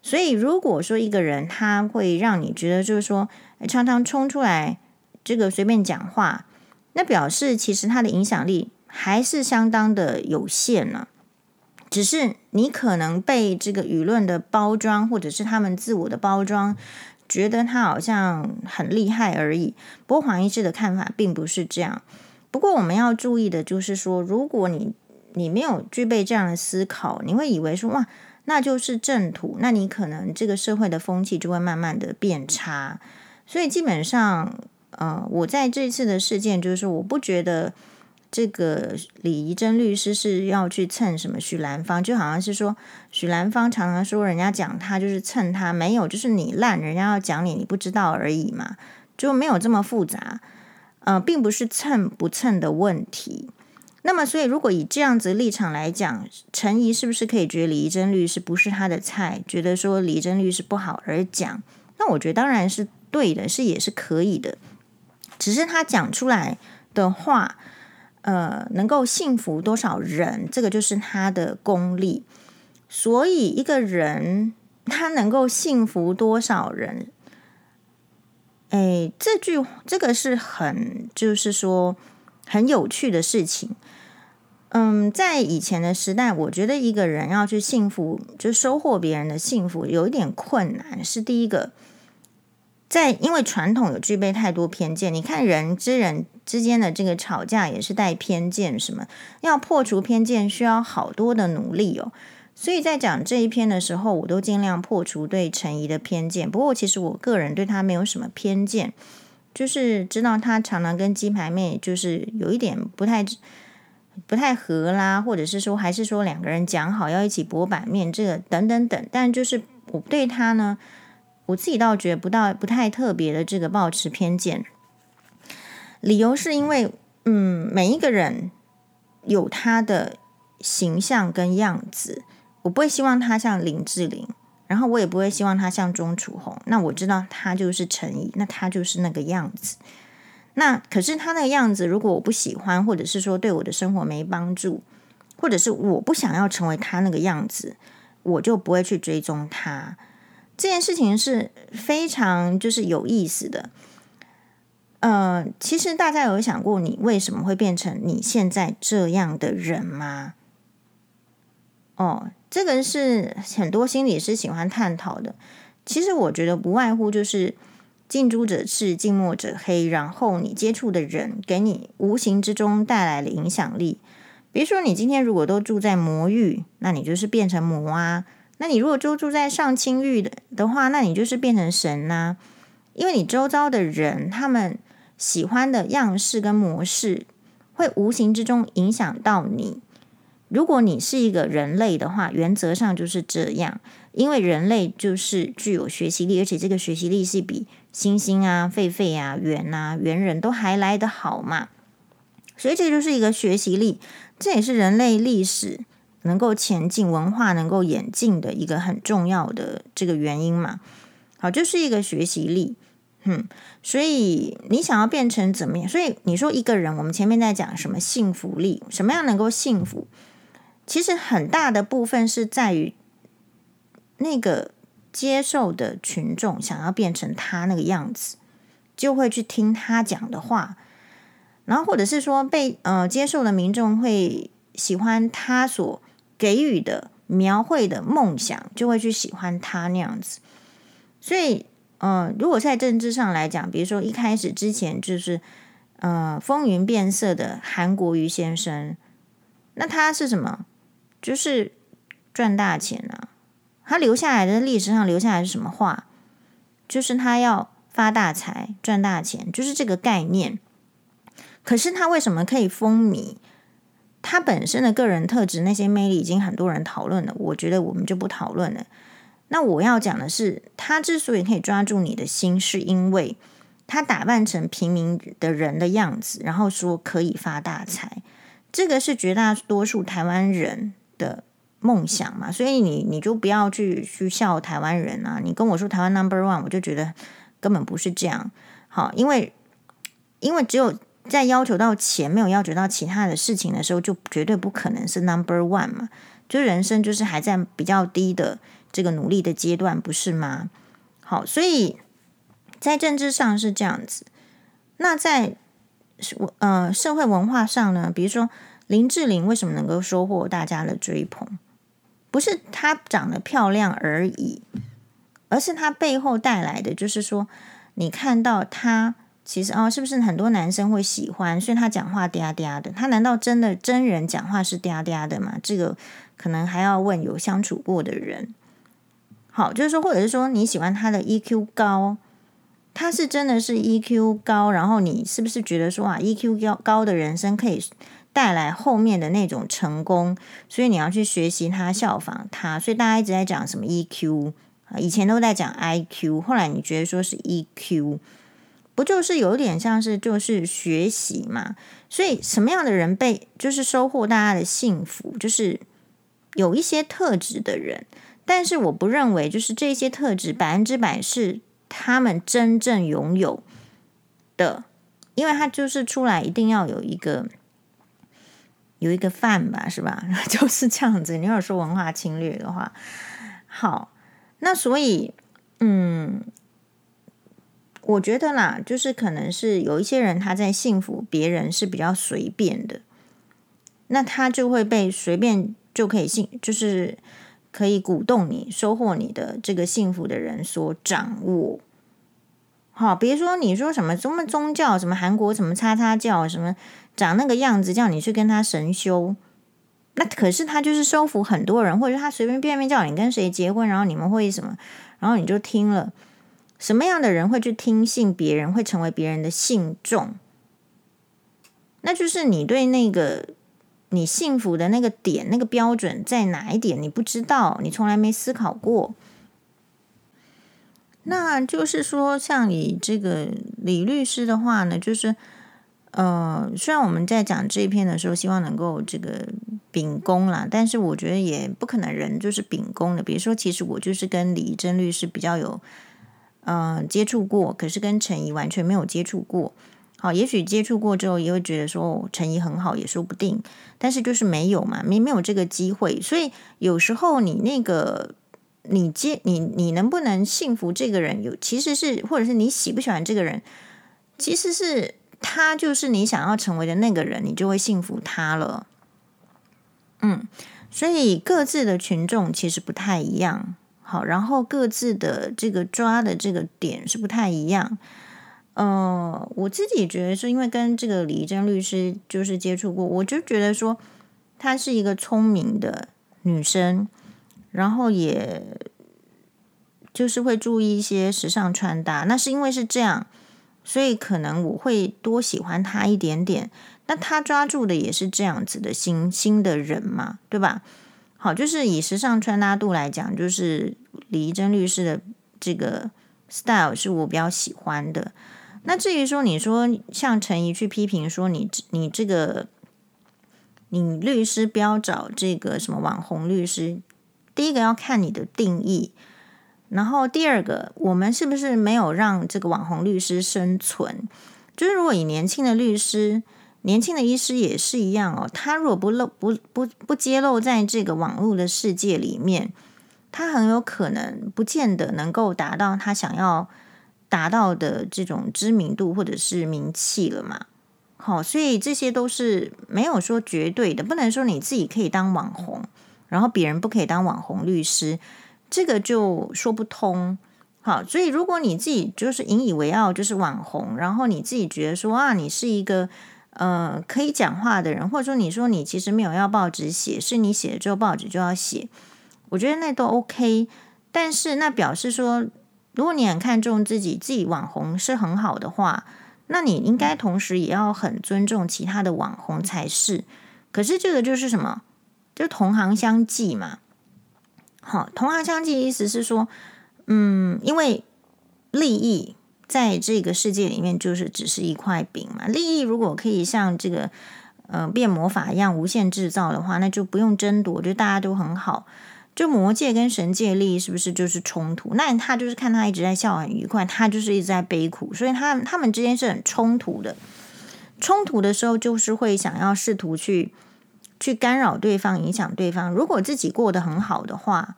所以如果說一個人他會讓你覺得就是說，常常衝出來。這個隨便講話，那表示其實他的影響力還是相當的有限呢、啊。只是你可能被這個輿論的包裝，或者是他們自我的包裝，覺得他好像很厲害而已。不過黃醫師的看法並不是這樣。不過我們要注意的就是說，如果你你沒有具備這樣的思考，你會以為說哇，那就是正途，那你可能這個社會的風氣就會慢慢的變差。所以基本上。嗯、呃，我在這次的事件就是說，我不覺得這個李怡貞律師是要去蹭什麼許蘭芳，就好像是說許蘭芳常常說人家講他就是蹭他，沒有就是你爛，人家要講你，你不知道而已嘛，就沒有這麼複雜。嗯、呃，並不是蹭不蹭的問題。那麼，所以如果以這樣子立場來講，陳沂是不是可以覺得李怡貞律師不是他的菜，覺得說李怡貞律師不好而講？那我覺得當然是對的，是也是可以的。只是他講出來的話，呃，能夠幸福多少人，這個就是他的功力。所以一個人他能夠幸福多少人，哎，這句這個是很，就是說很有趣的事情。嗯，在以前的時代，我覺得一個人要去幸福，就收穫別人的幸福，有一點困難，是第一個。在，因為傳統有具備太多偏見，你看人之人之間的這個吵架也是帶偏見，什麼要破除偏見需要好多的努力哦。所以在講這一篇的時候，我都盡量破除對陳沂的偏見。不過其實我個人對他沒有什麼偏見，就是知道他常常跟雞排妹就是有一點不太不太合啦，或者是說還是說兩個人講好要一起搏版面這個等等等，但就是我對他呢。我自己倒覺得不到不太特別的這個抱持偏見，理由是因為，嗯，每一個人有他的形象跟樣子，我不會希望他像林志玲，然後我也不會希望他像鍾楚紅。那我知道他就是陳沂，那他就是那個樣子。那可是他那個樣子，如果我不喜歡，或者是說對我的生活沒幫助，或者是我不想要成為他那個樣子，我就不會去追蹤他。這件事情是非常就是有意思的，呃，其實大家有想過，你為什麼會變成你現在這樣的人嗎？哦，這個是很多心理師喜歡探討的。其實我覺得不外乎就是近朱者赤，近墨者黑，然後你接觸的人給你無形之中帶來了影響力。比如說你今天如果都住在魔域，那你就是變成魔啊。那你如果就住在上清域的的話，那你就是變成神吶、啊，因為你周遭的人他們喜歡的樣式跟模式，會無形之中影響到你。如果你是一個人類的話，原則上就是這樣，因為人類就是具有學習力，而且這個學習力是比猩猩啊、狒狒啊、猿啊、猿人都還來得好嘛。所以這就是一個學習力，這也是人類歷史。能夠前進，文化能夠演進的一個很重要的這個原因嘛，好，就是一個學習力，嗯，所以你想要變成怎麼樣？所以你說一個人，我們前面在講什麼幸福力，什麼樣能夠幸福？其實很大的部分是在於那個接受的群眾想要變成他那個樣子，就會去聽他講的話，然後或者是說被呃接受的民眾會喜歡他所。給予的描繪的夢想，就會去喜歡他那樣子。所以，嗯，如果在政治上來講，比如說一開始之前就是，呃，風雲變色的韓國瑜先生，那他是什麼？就是賺大錢啊！他留下來的歷史上留下來是什麼話？就是他要發大財、賺大錢，就是這個概念。可是他為什麼可以風靡？他本身的個人特質那些魅力已經很多人討論了，我覺得我們就不討論了。那我要講的是，他之所以可以抓住你的心，是因為他打扮成平民的人的樣子，然後說可以發大財，這個是絕大多數台灣人的夢想嘛。所以你你就不要去去笑台灣人啊！你跟我說台灣 Number One，我就覺得根本不是這樣。好，因為因為只有。在要求到錢，沒有要求到其他的事情的時候，就絕對不可能是 number one 嘛，就人生就是還在比較低的這個努力的階段，不是嗎？好，所以在政治上是這樣子，那在我呃社會文化上呢，比如說林志玲為什麼能夠收穫大家的追捧，不是她長得漂亮而已，而是她背後帶來的就是說，你看到她。其實哦，是不是很多男生會喜歡？所以他講話嗲嗲的，他難道真的真人講話是嗲嗲的嗎？這個可能還要問有相處過的人。好，就是說，或者是說你喜歡他的 EQ 高，他是真的是 EQ 高，然後你是不是覺得說啊，EQ 高高的人生可以帶來後面的那種成功，所以你要去學習他，效仿他。所以大家一直在講什麼 EQ 啊，以前都在講 IQ，後來你覺得說是 EQ。不就是有點像是就是學習嘛？所以什麼樣的人被就是收穫大家的幸福，就是有一些特質的人。但是我不認為就是這些特質百分之百是他們真正擁有的，因為他就是出來一定要有一個有一個範吧，是吧？就是這樣子。你要說文化侵略的話，好，那所以嗯。我覺得啦，就是可能是有一些人他在信服，別人是比較隨便的，那他就會被隨便就可以信，就是可以鼓動你收穫你的這個幸福的人所掌握。好，比如說你說什麼什麼宗教，什麼韓國什麼叉叉教，什麼長那個樣子叫你去跟他神修，那可是他就是收服很多人，或者他隨便便便叫你跟誰結婚，然後你們會什麼，然後你就聽了。什麼樣的人會去聽信別人，會成為別人的信眾？那就是你對那個你幸福的那個點、那個標準在哪一點，你不知道，你從來沒思考過。那就是說，像你這個李律師的話呢，就是，呃，雖然我們在講這一篇的時候，希望能夠這個秉公啦，但是我覺得也不可能人就是秉公的。比如說，其實我就是跟李怡貞律師比較有。嗯，接觸過，可是跟陳沂完全沒有接觸過。好，也許接觸過之後也會覺得說陳沂很好，也說不定。但是就是沒有嘛，你沒有這個機會。所以有時候你那個，你接你你能不能幸福這個人，有其實是或者是你喜不喜歡這個人，其實是他就是你想要成為的那個人，你就會幸福他了。嗯，所以各自的群眾其實不太一樣。好，然後各自的這個抓的這個點是不太一樣。嗯、呃，我自己覺得是因為跟這個李怡貞律師，就是接觸過，我就覺得說，她是一個聰明的女生，然後也就是會注意一些時尚穿搭。那是因為是這樣，所以可能我會多喜歡她一點點。那他抓住的也是這樣子的新新的人嘛，對吧？好，就是以時尚穿搭度來講，就是。李怡貞律師的這個 style 是我比較喜歡的。那至於說你說像陳沂去批評說，你你這個你律師不要找這個什麼網紅律師，第一個要看你的定義，然後第二個我們是不是沒有讓這個網紅律師生存？就是如果以年輕的律師，年輕的醫師也是一樣哦，他如果不露不不不揭露在這個網絡的世界裡面。他很有可能不見得能夠達到他想要達到的這種知名度或者是名氣了嘛？好，所以這些都是沒有說絕對的，不能說你自己可以當網紅，然後別人不可以當網紅律師，這個就說不通。好，所以如果你自己就是引以為傲就是網紅，然後你自己覺得說啊，你是一個呃可以講話的人，或者說你說你其實沒有要報紙寫，是你寫了之後報紙就要寫。我覺得那都 OK，但是那表示說，如果你很看重自己自己網紅是很好的話，那你應該同時也要很尊重其他的網紅才是。可是這個就是什麼？就是同行相忌嘛。好，同行相忌的意思是說，嗯，因為利益在這個世界裡面就是只是一塊餅嘛。利益如果可以像這個嗯、呃、變魔法一樣無限制造的話，那就不用爭奪，就大家都很好。就魔界跟神界利益是不是就是衝突？那他就是看他一直在笑很愉快，他就是一直在悲苦，所以他他們之間是很衝突的。衝突的時候就是會想要試圖去去干擾對方、影響對方。如果自己過得很好的話，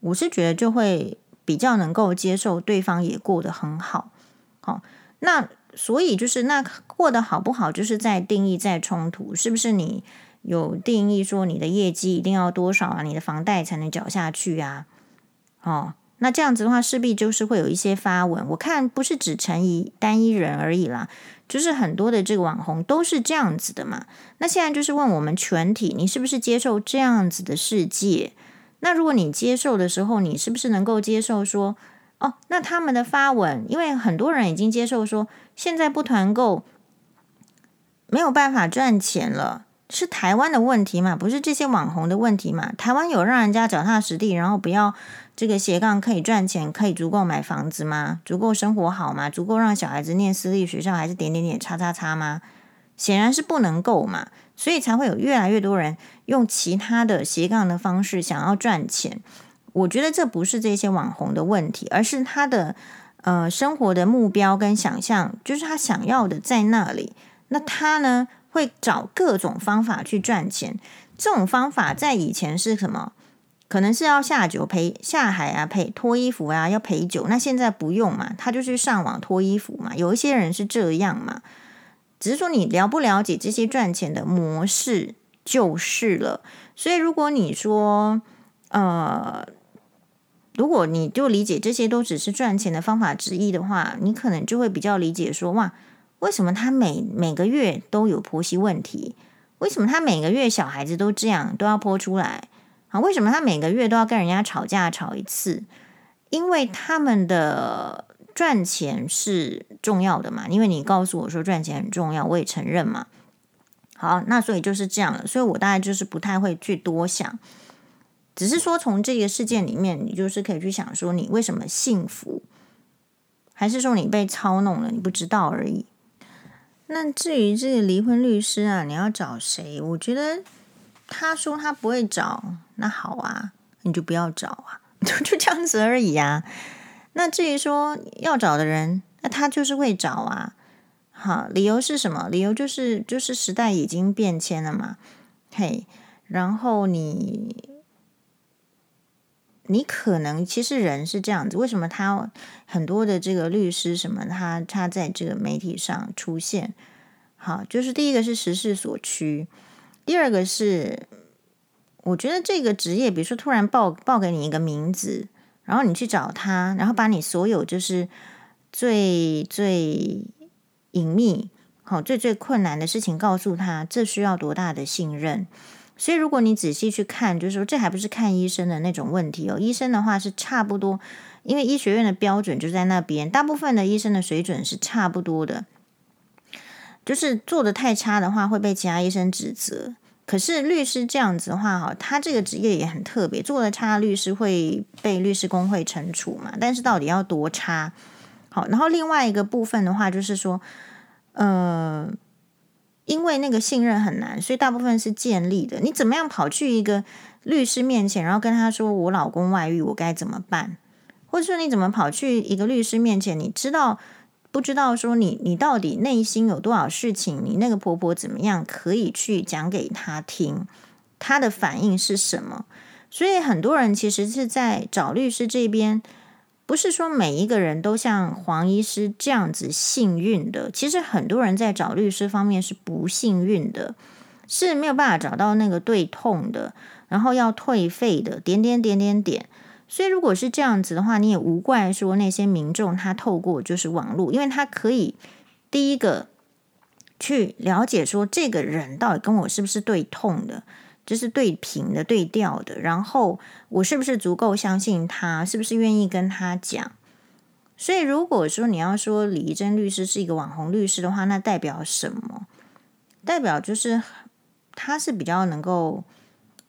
我是覺得就會比較能夠接受對方也過得很好。好、哦，那所以就是那過得好不好，就是在定義，在衝突，是不是你？有定義說你的業績一定要多少啊？你的房貸才能繳下去啊？哦，那這樣子的話，勢必就是會有一些發文。我看不是只成一單一人而已啦，就是很多的這個網紅都是這樣子的嘛。那現在就是問我們全體，你是不是接受這樣子的世界？那如果你接受的時候，你是不是能夠接受說，哦，那他們的發文，因為很多人已經接受說，現在不團購沒有辦法賺錢了。是臺灣的問題嘛？不是這些網紅的問題嘛？臺灣有讓人家腳踏實地，然後不要這個斜槓可以賺錢，可以足夠買房子嗎？足夠生活好嗎？足夠讓小孩子念私立學校還是點點點叉叉叉叉叉嗎？顯然是不能夠嘛，所以才會有越來越多人用其他的斜槓的方式想要賺錢。我覺得這不是這些網紅的問題，而是他的呃生活的目標跟想象，就是他想要的在那裡，那他呢？會找各種方法去賺錢，這種方法在以前是什麼？可能是要下酒陪下海啊，陪脫衣服啊，要陪酒，那現在不用嘛，他就去上網脫衣服嘛。有一些人是這樣嘛，只是說你了不了解這些賺錢的模式就是了。所以如果你說，呃，如果你就理解這些都只是賺錢的方法之一的話，你可能就會比較理解說哇。為什麼他每每個月都有婆媳問題？為什麼他每個月小孩子都這樣都要播出來啊？為什麼他每個月都要跟人家吵架吵一次？因為他們的賺錢是重要的嘛，因為你告訴我說賺錢很重要，我也承認嘛。好，那所以就是這樣了。所以我大概就是不太會去多想，只是說從這個事件裡面，你就是可以去想說，你為什麼幸福，還是說你被操弄了，你不知道而已。那至於這個離婚律師啊，你要找誰？我覺得他說他不會找，那好啊，你就不要找啊，就 (laughs) 就這樣子而已啊。那至於說要找的人，那他就是會找啊。好，理由是什麼？理由就是就是時代已經變遷了嘛。嘿，然後你。你可能其實人是這樣子，為什麼他很多的這個律師什麼，他他在這個媒體上出現，好，就是第一個是時勢所趨，第二個是我覺得這個職業，比如說突然報報給你一個名字，然後你去找他，然後把你所有就是最最隱秘，好，最最困難的事情告訴他，這需要多大的信任？所以，如果你仔細去看，就是說這還不是看醫生的那種問題哦。醫生的話是差不多，因為醫學院的標準就在那邊，大部分的醫生的水準是差不多的。就是做得太差的話，會被其他醫生指責。可是律師這樣子的話，哈，他這個職業也很特別，做得差律師會被律師公會懲處嘛。但是到底要多差？好，然後另外一個部分的話，就是說，嗯、呃。因為那個信任很難，所以大部分是建立的。你怎麼樣跑去一個律師面前，然後跟他說我老公外遇，我該怎麼辦？或者說你怎麼跑去一個律師面前？你知道不知道說你你到底內心有多少事情？你那個婆婆怎麼樣可以去講給他聽？他的反應是什麼？所以很多人其實是在找律師這邊。不是說每一個人都像黃醫師這樣子幸運的，其實很多人在找律師方面是不幸運的，是沒有辦法找到那個對痛的，然後要退費的，點點點點點。所以如果是這樣子的話，你也無怪說那些民眾他透過就是網絡，因為他可以第一個去了解說這個人到底跟我是不是對痛的。就是對平的、對調的，然後我是不是足夠相信他？是不是願意跟他講？所以如果說你要說李怡貞律師是一個網紅律師的話，那代表什麼？代表就是他是比較能夠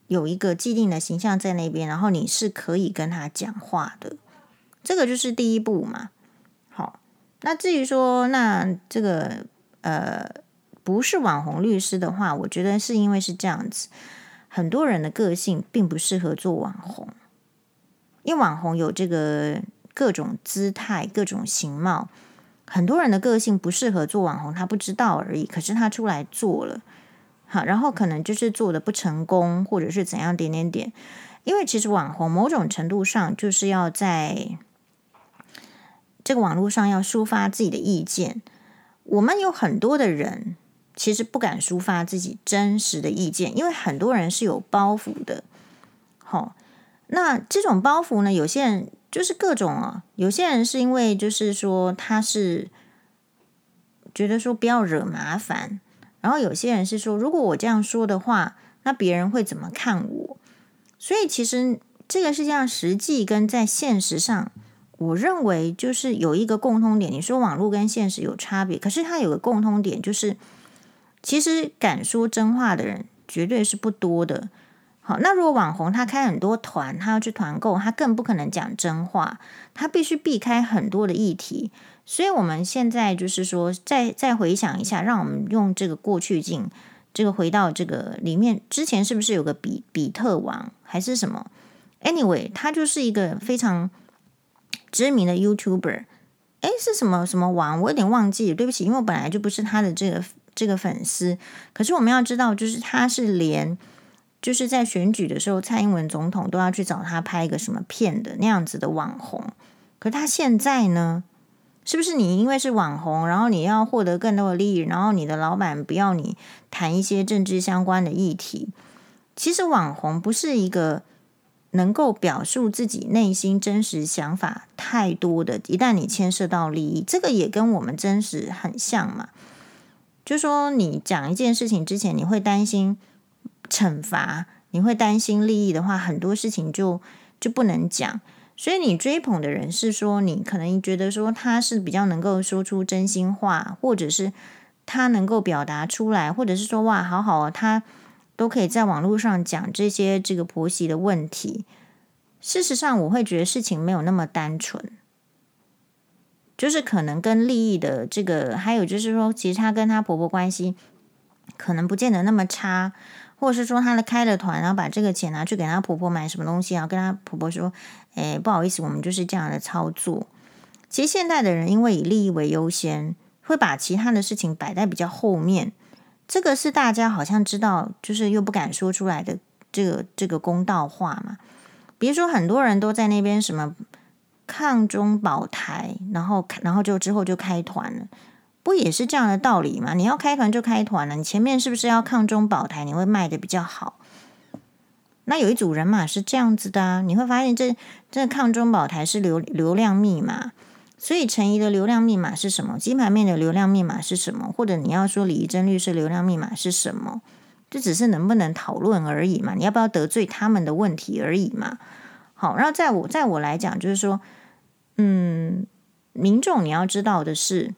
有一個既定的形象在那邊，然後你是可以跟他講話的。這個就是第一步嘛。好，那至於說那這個呃不是網紅律師的話，我覺得是因為是這樣子。很多人的個性並不適合做網紅，因為網紅有這個各種姿態、各種形貌。很多人的個性不適合做網紅，他不知道而已。可是他出來做了，好，然後可能就是做的不成功，或者是怎樣點點點。因為其實網紅某種程度上就是要在這個網絡上要抒發自己的意見。我們有很多的人，其實不敢抒發自己真實的意見，因為很多人是有包袱的。好、哦，那這種包袱呢？有些人就是各種啊、哦，有些人是因為就是說他是覺得說不要惹麻煩，然後有些人是說如果我這樣說的話，那別人會怎麼看我？所以其實這個世界上實際跟在現實上，我認為就是有一個共通點。你說網絡跟現實有差別，可是它有個共通點就是。其實敢說真話的人絕對是不多的。好，那如果網紅他開很多團，他要去團購，他更不可能講真話，他必須避開很多的議題。所以，我們現在就是說，再再回想一下，讓我們用這個過去鏡，這個回到這個裡面，之前是不是有個比比特王還是什麼？Anyway，他就是一個非常知名的 YouTuber。哎，是什麼什麼王？我有點忘記，對不起，因為我本來就不是他的這個。這個粉絲，可是我們要知道，就是他是連，就是在選舉的時候，蔡英文總統都要去找他拍一個什麼片的那樣子的網紅。可是他現在呢，是不是你因為是網紅，然後你要獲得更多的利益，然後你的老闆不要你談一些政治相關的議題？其實網紅不是一個能夠表述自己內心真實想法太多的。一旦你牽涉到利益，這個也跟我們真實很像嘛。就說你講一件事情之前，你會擔心懲罰，你會擔心利益的話，很多事情就就不能講。所以你追捧的人是說，你可能覺得說他是比較能夠說出真心話，或者是他能夠表達出來，或者是說哇，好好哦，他都可以在網絡上講這些這個婆媳的問題。事實上，我會覺得事情沒有那麼單純。就是可能跟利益的這個，還有就是說，其實她跟她婆婆關係可能不見得那麼差，或者是說，她的開了團，然後把這個錢拿去給她婆婆買什麼東西，然後跟她婆婆說，哎，不好意思，我們就是這樣的操作。其實現代的人因為以利益為優先，會把其他的事情擺在比較後面，這個是大家好像知道，就是又不敢說出來的這個這個公道話嘛。比如說，很多人都在那邊什麼。抗中保台，然後然後就之後就開團了，不也是這樣的道理嗎？你要開團就開團了，你前面是不是要抗中保台？你會賣的比較好。那有一組人馬是這樣子的啊，你會發現這這抗中保台是流流量密碼，所以陳沂的流量密碼是什麼？金牌面的流量密碼是什麼？或者你要說李怡貞律師流量密碼是什麼？這只是能不能討論而已嘛，你要不要得罪他們的問題而已嘛。好，然後在我在我來講，就是說。嗯，民眾你要知道的是，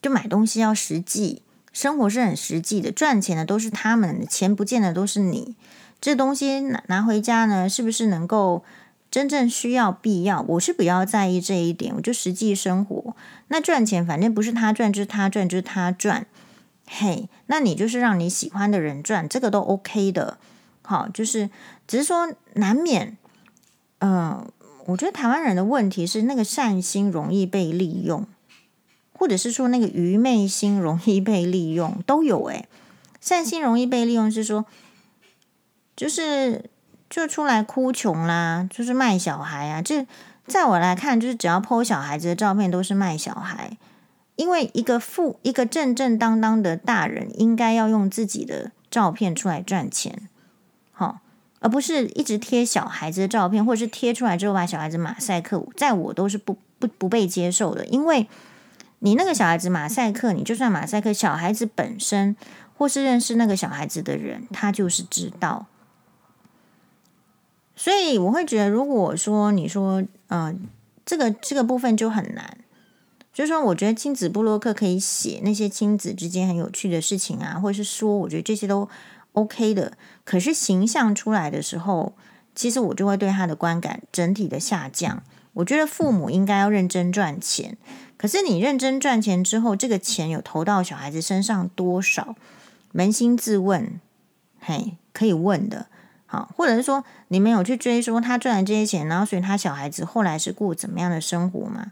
就買東西要實際，生活是很實際的。賺錢的都是他們的，錢不見得都是你。這東西拿拿回家呢，是不是能夠真正需要、必要？我是比較在意這一點，我就實際生活。那賺錢反正不是他賺，就是他賺，就是他賺。嘿，那你就是讓你喜歡的人賺，這個都 OK 的。好，就是只是說難免，嗯、呃。我覺得台灣人的問題是那個善心容易被利用，或者是說那個愚昧心容易被利用，都有誒，欸。善心容易被利用是說，就是就出來哭窮啦，就是賣小孩啊。這在我來看，就是只要 PO 小孩子的照片都是賣小孩，因為一個父一個正正當當的大人應該要用自己的照片出來賺錢。而不是一直貼小孩子的照片，或者是貼出來之後把小孩子馬賽克，在我都是不不不被接受的。因為，你那個小孩子馬賽克，你就算馬賽克，小孩子本身或是認識那個小孩子的人，他就是知道。所以我會覺得，如果說你說嗯、呃，這個這個部分就很難，就是說我覺得親子部落客可以寫那些親子之間很有趣的事情啊，或者是說我覺得這些都。OK 的，可是形象出來的時候，其實我就會對他的觀感整體的下降。我覺得父母應該要認真賺錢，可是你認真賺錢之後，這個錢有投到小孩子身上多少？捫心自問，嘿，可以問的。好，或者是說，你們有去追說他賺了這些錢，然後所以他小孩子後來是過怎麼樣的生活嗎？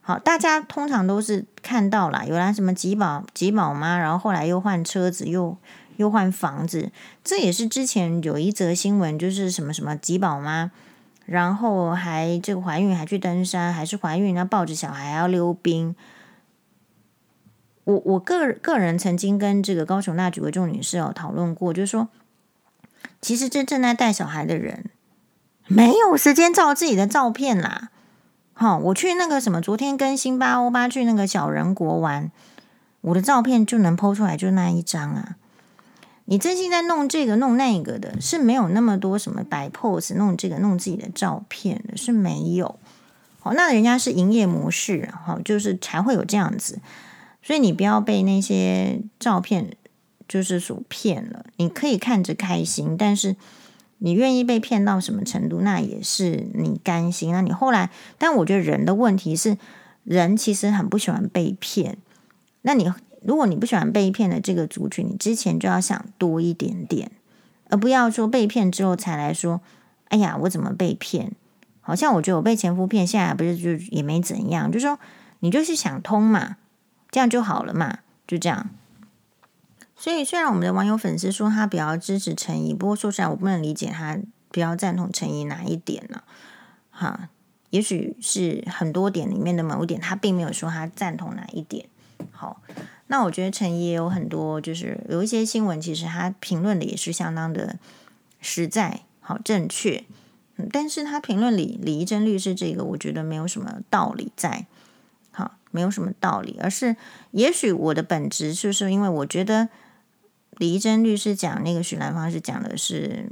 好，大家通常都是看到啦，有來什麼幾寶幾寶媽，然後後來又換車子又。又換房子，這也是之前有一則新聞，就是什麼什麼吉寶媽，然後還這個懷孕還去登山，還是懷孕那抱着小孩還要溜冰。我我個個人曾經跟這個高雄那幾位重女士有、哦、討論過，就是說，其實真正在帶小孩的人，沒有時間照自己的照片啦。好、哦，我去那個什麼，昨天跟星巴歐巴去那個小人國玩，我的照片就能 PO 出來，就那一張啊。你真心在弄這個弄那個的，是沒有那麼多什麼擺 pose、弄這個弄自己的照片的，是沒有。哦，那人家是營業模式，然後就是才會有這樣子。所以你不要被那些照片就是所騙了。你可以看着開心，但是你願意被騙到什麼程度，那也是你甘心。那你後來，但我覺得人的問題是，人其實很不喜歡被騙。那你。如果你不喜歡被騙的這個族群，你之前就要想多一點點，而不要說被騙之後才來說，哎呀，我怎麼被騙？好像我覺得我被前夫騙，現在不是就也沒怎樣，就說你就是想通嘛，這樣就好了嘛，就這樣。所以雖然我們的網友粉絲說他比較支持陳沂，不過說實在，我不能理解他比較贊同陳沂哪一點呢？啊？哈，也許是很多點裡面的某一點，他並沒有說他贊同哪一點。好。那我覺得陳沂也有很多，就是有一些新聞，其實他評論的也是相當的實在、好正確。嗯，但是他評論裡李李怡貞律師這個，我覺得沒有什麼道理在，好，沒有什麼道理。而是也許我的本質就是因為我覺得李怡貞律師講那個許蘭芳是講的是，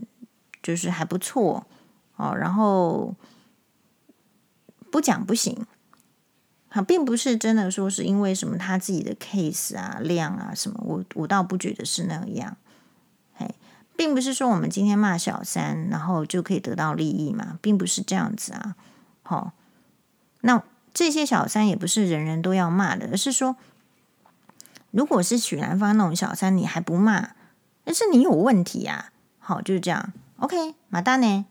就是還不錯哦，然後不講不行。好，並不是真的說是因為什麼他自己的 case 啊，量啊什麼，我我倒不覺得是那樣。嘿，並不是說我們今天罵小三，然後就可以得到利益嘛，並不是這樣子啊。好，那這些小三也不是人人都要罵的，而是說，如果是許蘭芳那種小三，你還不罵，那是你有問題啊。好，就是這樣。OK，馬達呢？